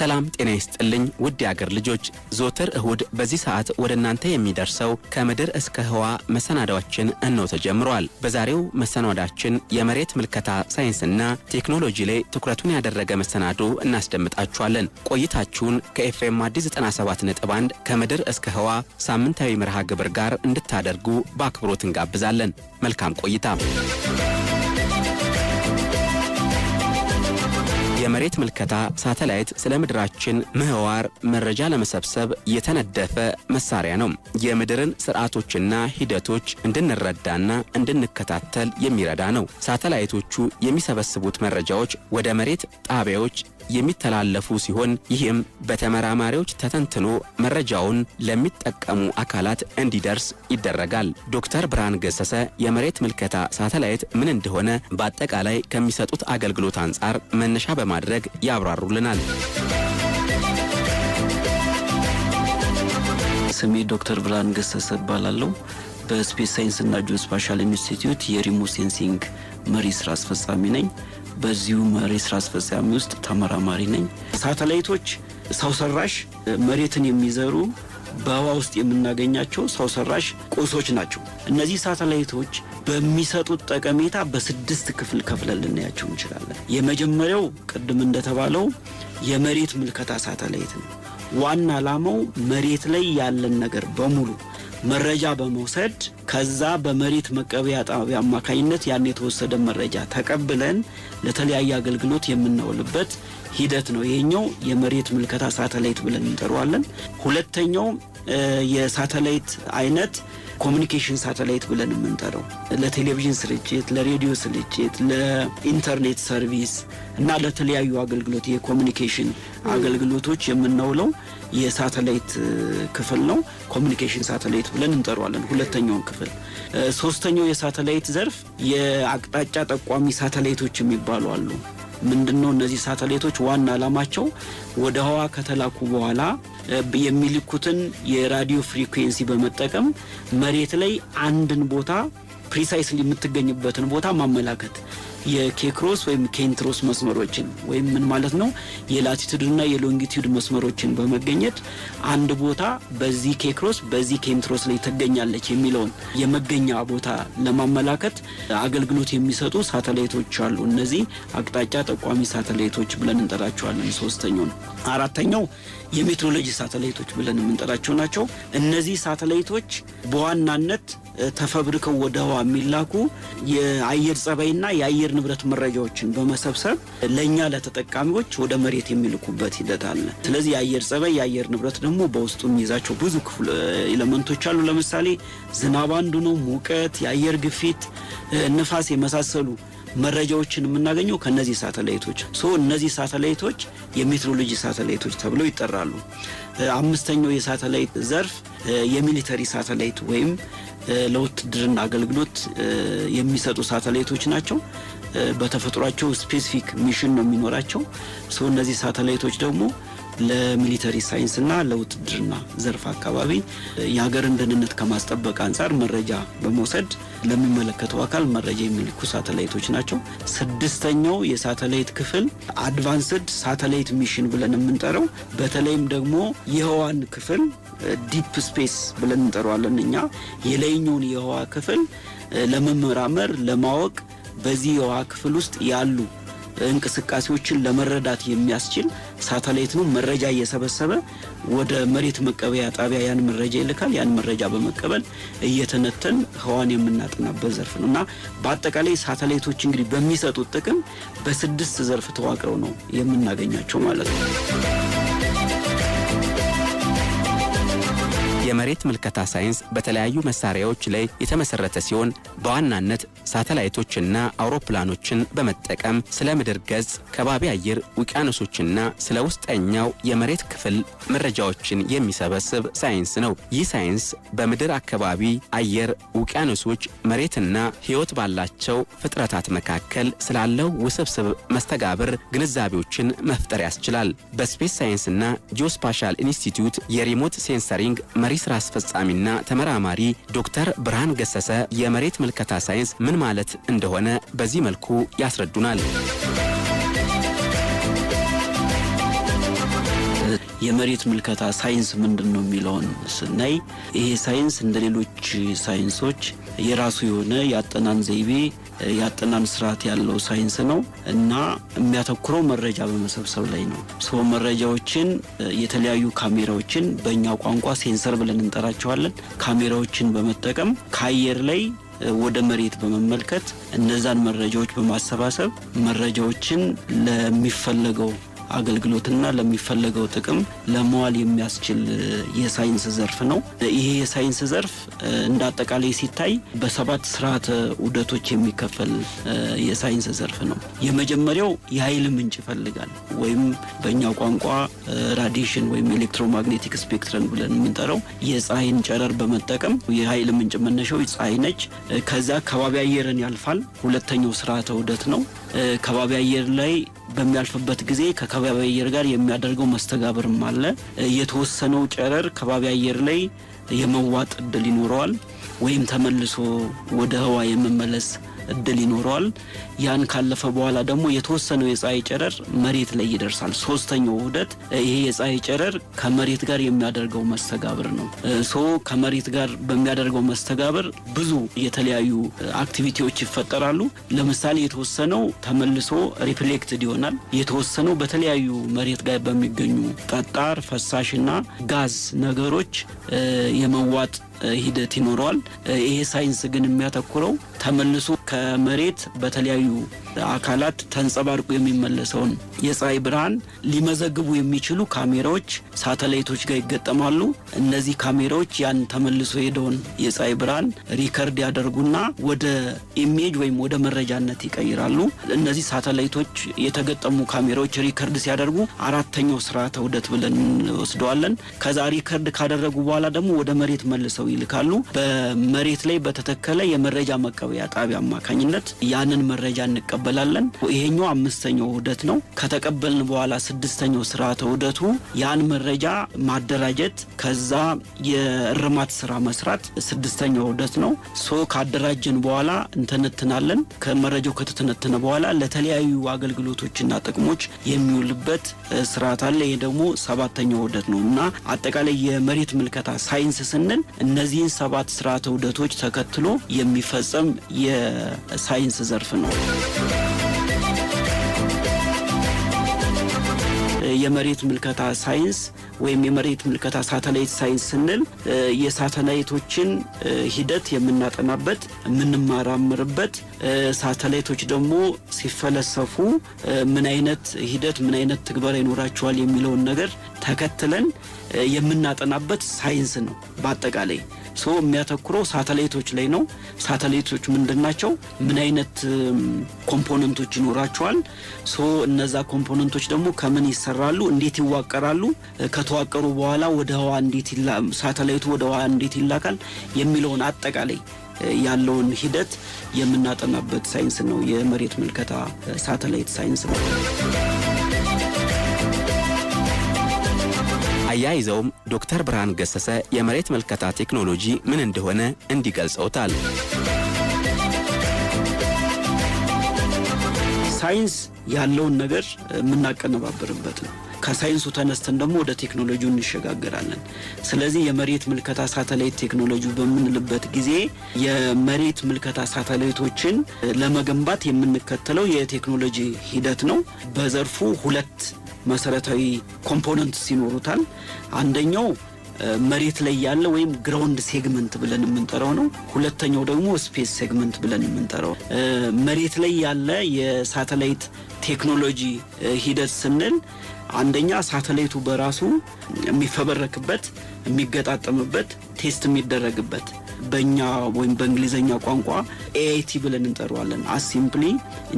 ሰላም ጤና ይስጥልኝ ውድ የአገር ልጆች፣ ዞተር እሁድ በዚህ ሰዓት ወደ እናንተ የሚደርሰው ከምድር እስከ ህዋ መሰናዳዎችን እነው ተጀምሯል። በዛሬው መሰናዳችን የመሬት ምልከታ ሳይንስና ቴክኖሎጂ ላይ ትኩረቱን ያደረገ መሰናዶ እናስደምጣችኋለን። ቆይታችሁን ከኤፍኤም አዲስ 97 ነጥብ 1 ከምድር እስከ ህዋ ሳምንታዊ መርሃ ግብር ጋር እንድታደርጉ በአክብሮት እንጋብዛለን። መልካም ቆይታ የመሬት ምልከታ ሳተላይት ስለ ምድራችን ምህዋር መረጃ ለመሰብሰብ የተነደፈ መሳሪያ ነው። የምድርን ስርዓቶችና ሂደቶች እንድንረዳና እንድንከታተል የሚረዳ ነው። ሳተላይቶቹ የሚሰበስቡት መረጃዎች ወደ መሬት ጣቢያዎች የሚተላለፉ ሲሆን ይህም በተመራማሪዎች ተተንትኖ መረጃውን ለሚጠቀሙ አካላት እንዲደርስ ይደረጋል። ዶክተር ብርሃን ገሰሰ የመሬት ምልከታ ሳተላይት ምን እንደሆነ በአጠቃላይ ከሚሰጡት አገልግሎት አንጻር መነሻ በማድረግ ያብራሩልናል። ስሜ ዶክተር ብርሃን ገሰሰ እባላለሁ። በስፔስ ሳይንስና ጂኦስፓሻል ኢንስቲትዩት የሪሞት ሴንሲንግ መሪ ስራ አስፈጻሚ ነኝ። በዚሁ መሪ ስራ አስፈጻሚ ውስጥ ተመራማሪ ነኝ። ሳተላይቶች ሰው ሰራሽ መሬትን የሚዘሩ በህዋ ውስጥ የምናገኛቸው ሰው ሰራሽ ቁሶች ናቸው። እነዚህ ሳተላይቶች በሚሰጡት ጠቀሜታ በስድስት ክፍል ከፍለን ልናያቸው እንችላለን። የመጀመሪያው ቅድም እንደተባለው የመሬት ምልከታ ሳተላይት ነው። ዋና ዓላማው መሬት ላይ ያለን ነገር በሙሉ መረጃ በመውሰድ ከዛ በመሬት መቀበያ ጣቢያ አማካኝነት ያን የተወሰደ መረጃ ተቀብለን ለተለያየ አገልግሎት የምናውልበት ሂደት ነው። ይሄኛው የመሬት ምልከታ ሳተላይት ብለን እንጠራዋለን። ሁለተኛው የሳተላይት አይነት ኮሚኒኬሽን ሳተላይት ብለን የምንጠራው ለቴሌቪዥን ስርጭት፣ ለሬዲዮ ስርጭት፣ ለኢንተርኔት ሰርቪስ እና ለተለያዩ አገልግሎት የኮሚኒኬሽን አገልግሎቶች የምናውለው የሳተላይት ክፍል ነው። ኮሚኒኬሽን ሳተላይት ብለን እንጠራዋለን ሁለተኛውን ክፍል። ሶስተኛው የሳተላይት ዘርፍ የአቅጣጫ ጠቋሚ ሳተላይቶች የሚባሉ አሉ። ምንድነው? እነዚህ ሳተላይቶች ዋና አላማቸው ወደ ህዋ ከተላኩ በኋላ የሚልኩትን የራዲዮ ፍሪኩዌንሲ በመጠቀም መሬት ላይ አንድን ቦታ ፕሪሳይስሊ የምትገኝበትን ቦታ ማመላከት የኬክሮስ ወይም ኬንትሮስ መስመሮችን ወይም ምን ማለት ነው የላቲቱድና የሎንጊቱድ መስመሮችን በመገኘት አንድ ቦታ በዚህ ኬክሮስ በዚህ ኬንትሮስ ላይ ትገኛለች የሚለውን የመገኛ ቦታ ለማመላከት አገልግሎት የሚሰጡ ሳተላይቶች አሉ። እነዚህ አቅጣጫ ጠቋሚ ሳተላይቶች ብለን እንጠራቸዋለን። ሶስተኛው ነው። አራተኛው የሜትሮሎጂ ሳተላይቶች ብለን የምንጠራቸው ናቸው። እነዚህ ሳተላይቶች በዋናነት ተፈብርከው ወደ ህዋ የሚላኩ የአየር ጸባይና የአየር የአየር ንብረት መረጃዎችን በመሰብሰብ ለእኛ ለተጠቃሚዎች ወደ መሬት የሚልኩበት ሂደት አለ። ስለዚህ የአየር ጸባይ፣ የአየር ንብረት ደግሞ በውስጡ የሚይዛቸው ብዙ ክፍል ኤለመንቶች አሉ። ለምሳሌ ዝናብ አንዱ ነው። ሙቀት፣ የአየር ግፊት፣ ንፋስ የመሳሰሉ መረጃዎችን የምናገኘው ከነዚህ ሳተላይቶች ሶ እነዚህ ሳተላይቶች የሜትሮሎጂ ሳተላይቶች ተብለው ይጠራሉ። አምስተኛው የሳተላይት ዘርፍ የሚሊተሪ ሳተላይት ወይም ለውትድርና አገልግሎት የሚሰጡ ሳተላይቶች ናቸው። በተፈጥሯቸው ስፔሲፊክ ሚሽን ነው የሚኖራቸው። ሰው እነዚህ ሳተላይቶች ደግሞ ለሚሊተሪ ሳይንስና ለውትድርና ዘርፍ አካባቢ የሀገርን ደህንነት ከማስጠበቅ አንጻር መረጃ በመውሰድ ለሚመለከተው አካል መረጃ የሚልኩ ሳተላይቶች ናቸው። ስድስተኛው የሳተላይት ክፍል አድቫንስድ ሳተላይት ሚሽን ብለን የምንጠራው በተለይም ደግሞ የህዋን ክፍል ዲፕ ስፔስ ብለን እንጠራዋለን እኛ የላይኛውን የህዋ ክፍል ለመመራመር ለማወቅ በዚህ የውሃ ክፍል ውስጥ ያሉ እንቅስቃሴዎችን ለመረዳት የሚያስችል ሳተላይት ነው። መረጃ እየሰበሰበ ወደ መሬት መቀበያ ጣቢያ ያን መረጃ ይልካል። ያን መረጃ በመቀበል እየተነተን ህዋን የምናጠናበት ዘርፍ ነው እና በአጠቃላይ ሳተላይቶች እንግዲህ በሚሰጡት ጥቅም በስድስት ዘርፍ ተዋቅረው ነው የምናገኛቸው ማለት ነው። የመሬት ምልከታ ሳይንስ በተለያዩ መሳሪያዎች ላይ የተመሰረተ ሲሆን በዋናነት ሳተላይቶችና አውሮፕላኖችን በመጠቀም ስለ ምድር ገጽ፣ ከባቢ አየር፣ ውቅያኖሶችና ስለ ውስጠኛው የመሬት ክፍል መረጃዎችን የሚሰበስብ ሳይንስ ነው። ይህ ሳይንስ በምድር አካባቢ፣ አየር፣ ውቅያኖሶች፣ መሬትና ሕይወት ባላቸው ፍጥረታት መካከል ስላለው ውስብስብ መስተጋብር ግንዛቤዎችን መፍጠር ያስችላል። በስፔስ ሳይንስና ጂኦስፓሻል ኢንስቲትዩት የሪሞት ሴንሰሪንግ መሪ ስራ አስፈጻሚና ተመራማሪ ዶክተር ብርሃን ገሰሰ የመሬት ምልከታ ሳይንስ ምን ማለት እንደሆነ በዚህ መልኩ ያስረዱናል። የመሬት ምልከታ ሳይንስ ምንድን ነው የሚለውን ስናይ ይሄ ሳይንስ እንደ ሌሎች ሳይንሶች የራሱ የሆነ የአጠናን ዘይቤ ያጠናን ስርዓት ያለው ሳይንስ ነው እና የሚያተኩረው መረጃ በመሰብሰብ ላይ ነው። ሰው መረጃዎችን የተለያዩ ካሜራዎችን በእኛ ቋንቋ ሴንሰር ብለን እንጠራቸዋለን። ካሜራዎችን በመጠቀም ከአየር ላይ ወደ መሬት በመመልከት እነዛን መረጃዎች በማሰባሰብ መረጃዎችን ለሚፈለገው አገልግሎትና ለሚፈለገው ጥቅም ለመዋል የሚያስችል የሳይንስ ዘርፍ ነው። ይሄ የሳይንስ ዘርፍ እንደ አጠቃላይ ሲታይ በሰባት ስርዓተ ውደቶች የሚከፈል የሳይንስ ዘርፍ ነው። የመጀመሪያው የኃይል ምንጭ ይፈልጋል ወይም በእኛ ቋንቋ ራዲሽን ወይም ኤሌክትሮማግኔቲክ ስፔክትረን ብለን የምንጠራው የፀሐይን ጨረር በመጠቀም የኃይል ምንጭ መነሻው ፀሐይ ነች። ከዛ ከባቢ አየርን ያልፋል። ሁለተኛው ስርዓተ ውደት ነው። ከባቢ አየር ላይ በሚያልፍበት ጊዜ ከከባቢ አየር ጋር የሚያደርገው መስተጋብርም አለ። የተወሰነው ጨረር ከባቢ አየር ላይ የመዋጥ እድል ይኖረዋል ወይም ተመልሶ ወደ ህዋ የመመለስ እድል ይኖረዋል። ያን ካለፈ በኋላ ደግሞ የተወሰነው የፀሐይ ጨረር መሬት ላይ ይደርሳል። ሶስተኛው ውህደት ይሄ የፀሐይ ጨረር ከመሬት ጋር የሚያደርገው መስተጋብር ነው። ሶ ከመሬት ጋር በሚያደርገው መስተጋብር ብዙ የተለያዩ አክቲቪቲዎች ይፈጠራሉ። ለምሳሌ የተወሰነው ተመልሶ ሪፍሌክትድ ይሆናል። የተወሰነው በተለያዩ መሬት ጋር በሚገኙ ጠጣር፣ ፈሳሽና ጋዝ ነገሮች የመዋጥ ሂደት ይኖረዋል። ይሄ ሳይንስ ግን የሚያተኩረው ተመልሶ ከመሬት በተለያዩ አካላት ተንጸባርቆ የሚመለሰውን የፀሐይ ብርሃን ሊመዘግቡ የሚችሉ ካሜራዎች ሳተላይቶች ጋር ይገጠማሉ። እነዚህ ካሜራዎች ያን ተመልሶ ሄደውን የፀሐይ ብርሃን ሪከርድ ያደርጉና ወደ ኢሜጅ ወይም ወደ መረጃነት ይቀይራሉ። እነዚህ ሳተላይቶች የተገጠሙ ካሜራዎች ሪከርድ ሲያደርጉ አራተኛው ስርዓተ ውህደት ብለን እንወስደዋለን። ከዛ ሪከርድ ካደረጉ በኋላ ደግሞ ወደ መሬት መልሰው ይልካሉ። በመሬት ላይ በተተከለ የመረጃ መቀበያ ጣቢያ አማካኝነት ያንን መረጃ እንቀበላለን። ይሄኛው አምስተኛው ውህደት ነው። ከተቀበልን በኋላ ስድስተኛው ስርዓተ ውህደቱ ያን መረጃ ማደራጀት፣ ከዛ የእርማት ስራ መስራት ስድስተኛው ውህደት ነው። ሶ ካደራጀን በኋላ እንተነትናለን። ከመረጃው ከተተነተነ በኋላ ለተለያዩ አገልግሎቶችና ጥቅሞች የሚውልበት ስርዓት አለ። ይሄ ደግሞ ሰባተኛው ውህደት ነው እና አጠቃላይ የመሬት ምልከታ ሳይንስ ስንል እነዚህን ሰባት ስርዓተ ውህደቶች ተከትሎ የሚፈጸም የሳይንስ ዘርፍ ነው። የመሬት ምልከታ ሳይንስ ወይም የመሬት ምልከታ ሳተላይት ሳይንስ ስንል የሳተላይቶችን ሂደት የምናጠናበት የምንማራምርበት፣ ሳተላይቶች ደግሞ ሲፈለሰፉ ምን አይነት ሂደት ምን አይነት ትግበራ ይኖራቸዋል የሚለውን ነገር ተከትለን የምናጠናበት ሳይንስ ነው። በአጠቃላይ ሰው የሚያተኩረው ሳተላይቶች ላይ ነው። ሳተላይቶች ምንድን ናቸው? ምን አይነት ኮምፖነንቶች ይኖራቸዋል? ሶ እነዛ ኮምፖነንቶች ደግሞ ከምን ይሰራሉ? እንዴት ይዋቀራሉ? ከተዋቀሩ በኋላ ወደ ህዋ እንዴት ሳተላይቱ ወደ ህዋ እንዴት ይላካል? የሚለውን አጠቃላይ ያለውን ሂደት የምናጠናበት ሳይንስ ነው። የመሬት ምልከታ ሳተላይት ሳይንስ ነው። አያይዘውም ዶክተር ብርሃን ገሰሰ የመሬት መልከታ ቴክኖሎጂ ምን እንደሆነ እንዲገልጸውታል። ሳይንስ ያለውን ነገር የምናቀነባበርበት ነው። ከሳይንሱ ተነስተን ደግሞ ወደ ቴክኖሎጂው እንሸጋገራለን። ስለዚህ የመሬት ምልከታ ሳተላይት ቴክኖሎጂ በምንልበት ጊዜ የመሬት ምልከታ ሳተላይቶችን ለመገንባት የምንከተለው የቴክኖሎጂ ሂደት ነው። በዘርፉ ሁለት መሰረታዊ ኮምፖነንትስ ይኖሩታል። አንደኛው መሬት ላይ ያለ ወይም ግራውንድ ሴግመንት ብለን የምንጠራው ነው። ሁለተኛው ደግሞ ስፔስ ሴግመንት ብለን የምንጠራው። መሬት ላይ ያለ የሳተላይት ቴክኖሎጂ ሂደት ስንል አንደኛ ሳተላይቱ በራሱ የሚፈበረክበት፣ የሚገጣጠምበት፣ ቴስት የሚደረግበት በእኛ ወይም በእንግሊዝኛ ቋንቋ ኤአይቲ ብለን እንጠረዋለን አሲምፕሊ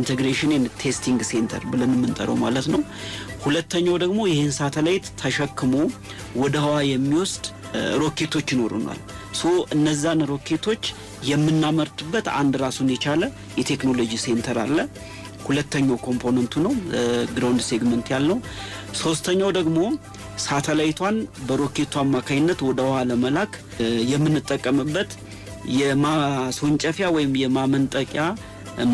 ኢንቴግሬሽን ቴስቲንግ ሴንተር ብለን የምንጠራው ማለት ነው። ሁለተኛው ደግሞ ይህን ሳተላይት ተሸክሞ ወደ ህዋ የሚወስድ ሮኬቶች ይኖሩናል። ሶ እነዛን ሮኬቶች የምናመርትበት አንድ ራሱን የቻለ የቴክኖሎጂ ሴንተር አለ። ሁለተኛው ኮምፖነንቱ ነው ግራውንድ ሴግመንት ያለው። ሶስተኛው ደግሞ ሳተላይቷን በሮኬቱ አማካኝነት ወደ ውሃ ለመላክ የምንጠቀምበት የማስወንጨፊያ ወይም የማመንጠቂያ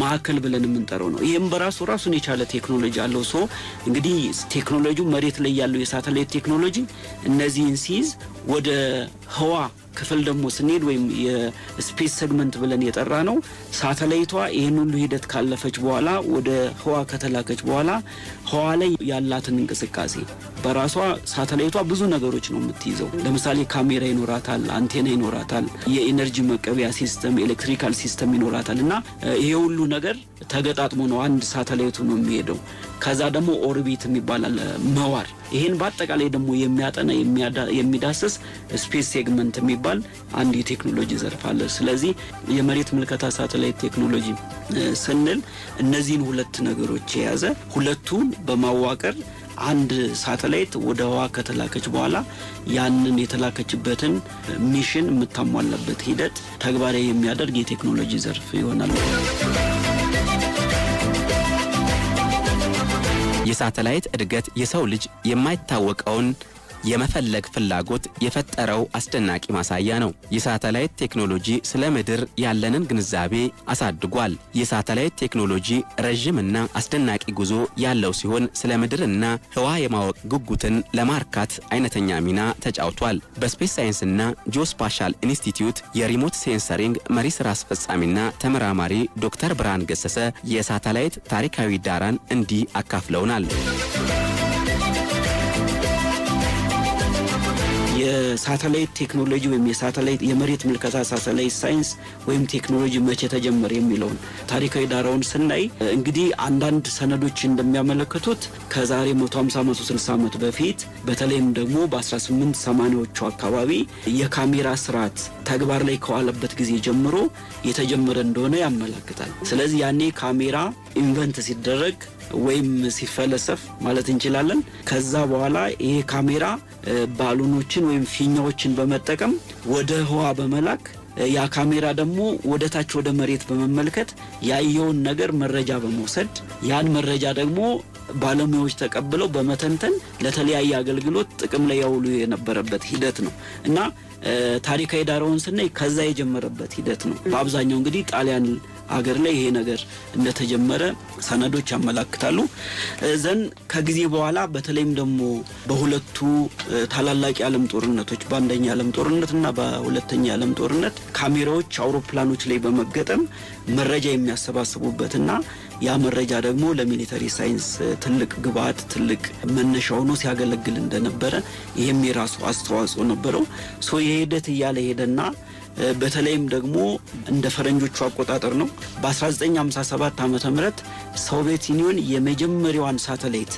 ማዕከል ብለን የምንጠራው ነው። ይህም በራሱ ራሱን የቻለ ቴክኖሎጂ አለው። ሶ እንግዲህ ቴክኖሎጂ መሬት ላይ ያለው የሳተላይት ቴክኖሎጂ እነዚህን ሲይዝ ወደ ህዋ ክፍል ደግሞ ስንሄድ ወይም የስፔስ ሴግመንት ብለን የጠራ ነው። ሳተላይቷ ይህን ሁሉ ሂደት ካለፈች በኋላ ወደ ህዋ ከተላከች በኋላ ህዋ ላይ ያላትን እንቅስቃሴ በራሷ ሳተላይቷ ብዙ ነገሮች ነው የምትይዘው። ለምሳሌ ካሜራ ይኖራታል፣ አንቴና ይኖራታል፣ የኤነርጂ መቀቢያ ሲስተም፣ ኤሌክትሪካል ሲስተም ይኖራታል እና ይሄ ሁሉ ነገር ተገጣጥሞ ነው አንድ ሳተላይቱ ነው የሚሄደው። ከዛ ደግሞ ኦርቢት የሚባላል መዋር ይህን በአጠቃላይ ደግሞ የሚያጠና የሚዳስስ ስፔስ ሴግመንት የሚባል አንድ የቴክኖሎጂ ዘርፍ አለ። ስለዚህ የመሬት ምልከታ ሳተላይት ቴክኖሎጂ ስንል እነዚህን ሁለት ነገሮች የያዘ ሁለቱን በማዋቀር አንድ ሳተላይት ወደ ህዋ ከተላከች በኋላ ያንን የተላከችበትን ሚሽን የምታሟላበት ሂደት ተግባራዊ የሚያደርግ የቴክኖሎጂ ዘርፍ ይሆናል። የሳተላይት እድገት የሰው ልጅ የማይታወቀውን የመፈለግ ፍላጎት የፈጠረው አስደናቂ ማሳያ ነው። የሳተላይት ቴክኖሎጂ ስለ ምድር ያለንን ግንዛቤ አሳድጓል። የሳተላይት ቴክኖሎጂ ረዥምና አስደናቂ ጉዞ ያለው ሲሆን ስለ ምድርና ህዋ የማወቅ ጉጉትን ለማርካት አይነተኛ ሚና ተጫውቷል። በስፔስ ሳይንስና ጂኦስፓሻል ኢንስቲትዩት የሪሞት ሴንሰሪንግ መሪ ስራ አስፈጻሚና ተመራማሪ ዶክተር ብርሃን ገሰሰ የሳተላይት ታሪካዊ ዳራን እንዲህ አካፍለውናል። ሳተላይት ቴክኖሎጂ ወይም የሳተላይት የመሬት ምልከታ ሳተላይት ሳይንስ ወይም ቴክኖሎጂ መቼ ተጀመረ የሚለውን ታሪካዊ ዳራውን ስናይ እንግዲህ አንዳንድ ሰነዶች እንደሚያመለክቱት ከዛሬ 150 160 ዓመት በፊት በተለይም ደግሞ በ1880ዎቹ አካባቢ የካሜራ ስርዓት ተግባር ላይ ከዋለበት ጊዜ ጀምሮ የተጀመረ እንደሆነ ያመለክታል። ስለዚህ ያኔ ካሜራ ኢንቨንት ሲደረግ ወይም ሲፈለሰፍ ማለት እንችላለን። ከዛ በኋላ ይሄ ካሜራ ባሉኖችን ወይም ፊኛዎችን በመጠቀም ወደ ህዋ በመላክ ያ ካሜራ ደግሞ ወደ ታች ወደ መሬት በመመልከት ያየውን ነገር መረጃ በመውሰድ ያን መረጃ ደግሞ ባለሙያዎች ተቀብለው በመተንተን ለተለያየ አገልግሎት ጥቅም ላይ ያውሉ የነበረበት ሂደት ነው እና ታሪካዊ ዳራውን ስናይ ከዛ የጀመረበት ሂደት ነው። በአብዛኛው እንግዲህ ጣሊያን አገር ላይ ይሄ ነገር እንደተጀመረ ሰነዶች ያመላክታሉ። ዘን ከጊዜ በኋላ በተለይም ደግሞ በሁለቱ ታላላቅ የዓለም ጦርነቶች በአንደኛ የዓለም ጦርነት እና በሁለተኛ የዓለም ጦርነት ካሜራዎች አውሮፕላኖች ላይ በመገጠም መረጃ የሚያሰባስቡበትና ያ መረጃ ደግሞ ለሚሊተሪ ሳይንስ ትልቅ ግብአት ትልቅ መነሻ ሆኖ ሲያገለግል እንደነበረ ይህም የራሱ አስተዋጽኦ ነበረው። ሶ የሄደት እያለ ሄደና በተለይም ደግሞ እንደ ፈረንጆቹ አቆጣጠር ነው በ1957 ዓ ም ሶቪየት ዩኒዮን የመጀመሪያዋን ሳተላይት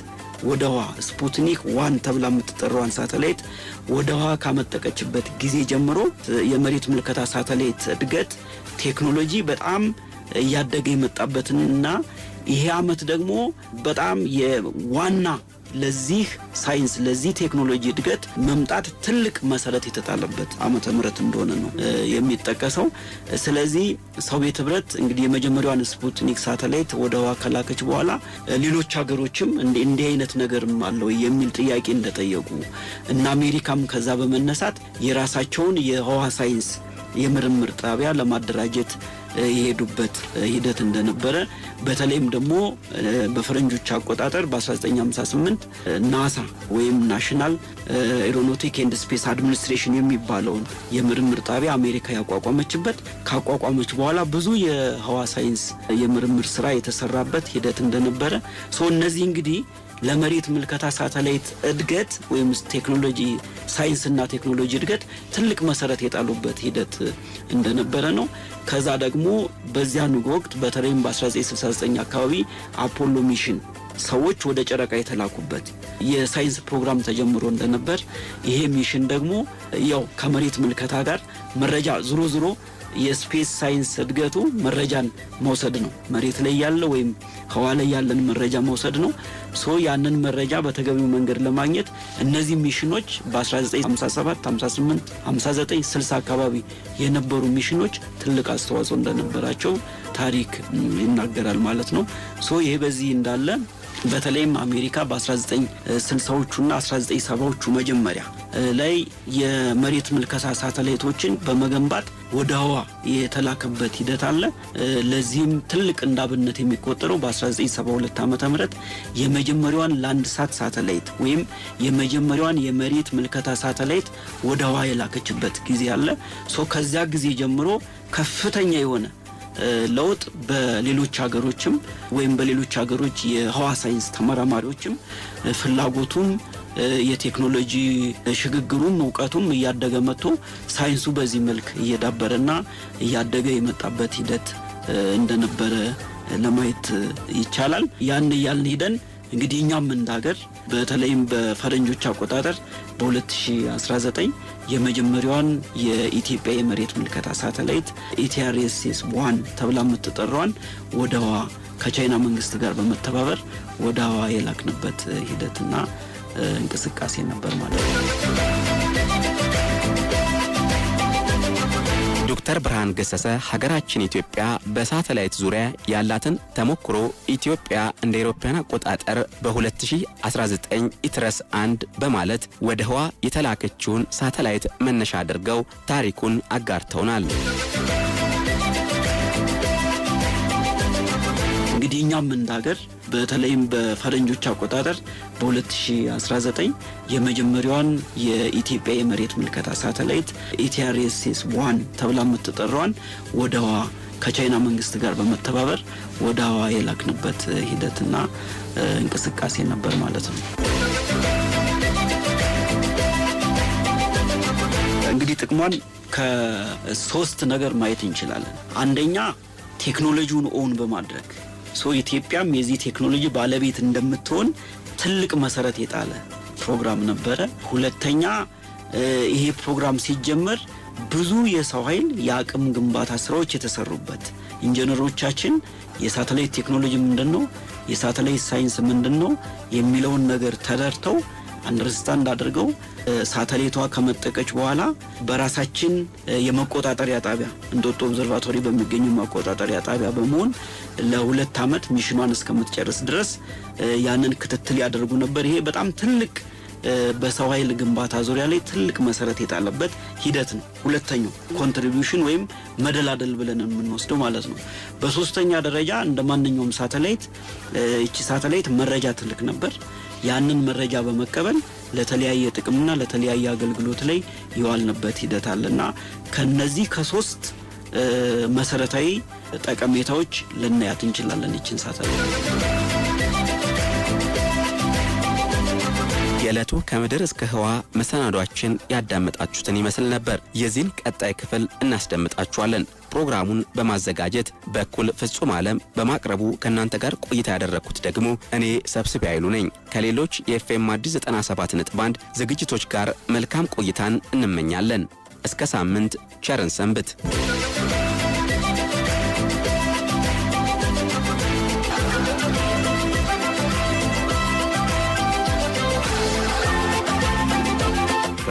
ወደ ውሃ ስፑትኒክ ዋን ተብላ የምትጠራዋን ሳተላይት ወደ ውሃ ካመጠቀችበት ጊዜ ጀምሮ የመሬት ምልከታ ሳተላይት እድገት ቴክኖሎጂ በጣም እያደገ የመጣበትንና ይሄ አመት ደግሞ በጣም የዋና ለዚህ ሳይንስ ለዚህ ቴክኖሎጂ እድገት መምጣት ትልቅ መሰረት የተጣለበት ዓመተ ምህረት እንደሆነ ነው የሚጠቀሰው። ስለዚህ ሶቪየት ህብረት እንግዲህ የመጀመሪያዋን ስፑትኒክ ሳተላይት ወደ ህዋ ከላከች በኋላ ሌሎች ሀገሮችም እንዲህ አይነት ነገርም አለው የሚል ጥያቄ እንደጠየቁ እና አሜሪካም ከዛ በመነሳት የራሳቸውን የህዋ ሳይንስ የምርምር ጣቢያ ለማደራጀት የሄዱበት ሂደት እንደነበረ በተለይም ደግሞ በፈረንጆች አቆጣጠር በ1958 ናሳ ወይም ናሽናል ኤሮኖቲክ ኤንድ ስፔስ አድሚኒስትሬሽን የሚባለውን የምርምር ጣቢያ አሜሪካ ያቋቋመችበት ካቋቋመች በኋላ ብዙ የህዋ ሳይንስ የምርምር ስራ የተሰራበት ሂደት እንደነበረ ሶ እነዚህ እንግዲህ ለመሬት ምልከታ ሳተላይት እድገት ወይም ቴክኖሎጂ ሳይንስና ቴክኖሎጂ እድገት ትልቅ መሰረት የጣሉበት ሂደት እንደነበረ ነው። ከዛ ደግሞ በዚያን ወቅት በተለይም በ1969 አካባቢ አፖሎ ሚሽን ሰዎች ወደ ጨረቃ የተላኩበት የሳይንስ ፕሮግራም ተጀምሮ እንደነበር ይሄ ሚሽን ደግሞ ያው ከመሬት ምልከታ ጋር መረጃ ዝሮ ዝሮ የስፔስ ሳይንስ እድገቱ መረጃን መውሰድ ነው። መሬት ላይ ያለ ወይም ህዋ ላይ ያለን መረጃ መውሰድ ነው። ሶ ያንን መረጃ በተገቢው መንገድ ለማግኘት እነዚህ ሚሽኖች በ1957፣ 58፣ 59፣ 60 አካባቢ የነበሩ ሚሽኖች ትልቅ አስተዋጽኦ እንደነበራቸው ታሪክ ይናገራል ማለት ነው። ሶ ይሄ በዚህ እንዳለ በተለይም አሜሪካ በ1960ዎቹና 1970ዎቹ መጀመሪያ ላይ የመሬት ምልከታ ሳተላይቶችን በመገንባት ወደ ህዋ የተላከበት ሂደት አለ። ለዚህም ትልቅ እንዳብነት የሚቆጠረው በ1972 ዓ ም የመጀመሪያዋን ላንድሳት ሳተላይት ወይም የመጀመሪያዋን የመሬት ምልከታ ሳተላይት ወደ ህዋ የላከችበት ጊዜ አለ። ከዚያ ጊዜ ጀምሮ ከፍተኛ የሆነ ለውጥ በሌሎች ሀገሮችም ወይም በሌሎች ሀገሮች የህዋ ሳይንስ ተመራማሪዎችም ፍላጎቱም የቴክኖሎጂ ሽግግሩም እውቀቱም እያደገ መጥቶ ሳይንሱ በዚህ መልክ እየዳበረና እያደገ የመጣበት ሂደት እንደነበረ ለማየት ይቻላል። ያን እያልን ሂደን እንግዲህ እኛም እንደ ሀገር በተለይም በፈረንጆች አቆጣጠር በ2019 የመጀመሪያዋን የኢትዮጵያ የመሬት ምልከታ ሳተላይት ኢቲአርኤስኤስ ዋን ተብላ የምትጠራዋን ወደ ህዋ ከቻይና መንግስት ጋር በመተባበር ወደ ህዋ የላክንበት ሂደትና እንቅስቃሴ ነበር ማለት ነው። ዶክተር ብርሃን ገሰሰ ሀገራችን ኢትዮጵያ በሳተላይት ዙሪያ ያላትን ተሞክሮ ኢትዮጵያ እንደ አውሮፓውያን አቆጣጠር በ2019 ኢትረስ አንድ በማለት ወደ ህዋ የተላከችውን ሳተላይት መነሻ አድርገው ታሪኩን አጋርተውናል። እንግዲህ እኛም እንደ ሀገር በተለይም በፈረንጆች አቆጣጠር በ2019 የመጀመሪያዋን የኢትዮጵያ የመሬት ምልከታ ሳተላይት ኢቲአርኤስኤስ ዋን ተብላ የምትጠራዋን ወደ ህዋ ከቻይና መንግስት ጋር በመተባበር ወደ ህዋ የላክንበት ሂደትና እንቅስቃሴ ነበር ማለት ነው። እንግዲህ ጥቅሟን ከሶስት ነገር ማየት እንችላለን። አንደኛ ቴክኖሎጂውን ኦውን በማድረግ ኢትዮጵያም የዚህ ቴክኖሎጂ ባለቤት እንደምትሆን ትልቅ መሰረት የጣለ ፕሮግራም ነበረ። ሁለተኛ ይሄ ፕሮግራም ሲጀመር ብዙ የሰው ኃይል የአቅም ግንባታ ስራዎች የተሰሩበት ኢንጂነሮቻችን የሳተላይት ቴክኖሎጂ ምንድን ነው፣ የሳተላይት ሳይንስ ምንድን ነው የሚለውን ነገር ተረድተው አንደርስታንድ አድርገው ሳተሌቷ ከመጠቀች በኋላ በራሳችን የመቆጣጠሪያ ጣቢያ እንጦጦ ኦብዘርቫቶሪ በሚገኙ መቆጣጠሪያ ጣቢያ በመሆን ለሁለት ዓመት ሚሽኗን እስከምትጨርስ ድረስ ያንን ክትትል ያደርጉ ነበር። ይሄ በጣም ትልቅ በሰው ኃይል ግንባታ ዙሪያ ላይ ትልቅ መሰረት የጣለበት ሂደት ነው። ሁለተኛው ኮንትሪቢሽን ወይም መደላደል ብለን የምንወስደው ማለት ነው። በሶስተኛ ደረጃ እንደ ማንኛውም ሳተላይት ይቺ ሳተላይት መረጃ ትልቅ ነበር። ያንን መረጃ በመቀበል ለተለያየ ጥቅምና ለተለያየ አገልግሎት ላይ የዋልንበት ሂደት አለና ከነዚህ ከሶስት መሰረታዊ ጠቀሜታዎች ልናያት እንችላለን ይችን ሳተላይት። የዕለቱ ከምድር እስከ ህዋ መሰናዷችን ያዳመጣችሁትን ይመስል ነበር። የዚህን ቀጣይ ክፍል እናስደምጣችኋለን። ፕሮግራሙን በማዘጋጀት በኩል ፍጹም ዓለም በማቅረቡ ከእናንተ ጋር ቆይታ ያደረግኩት ደግሞ እኔ ሰብስቤ አይሉ ነኝ። ከሌሎች የኤፍኤም አዲስ 97 ነጥብ 1 ዝግጅቶች ጋር መልካም ቆይታን እንመኛለን። እስከ ሳምንት ቸርን ሰንብት።